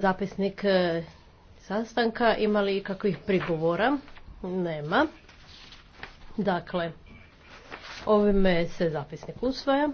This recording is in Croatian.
zapisnik e, sastanka. Ima li kakvih prigovora? Nema. Dakle, ovime se zapisnik usvaja.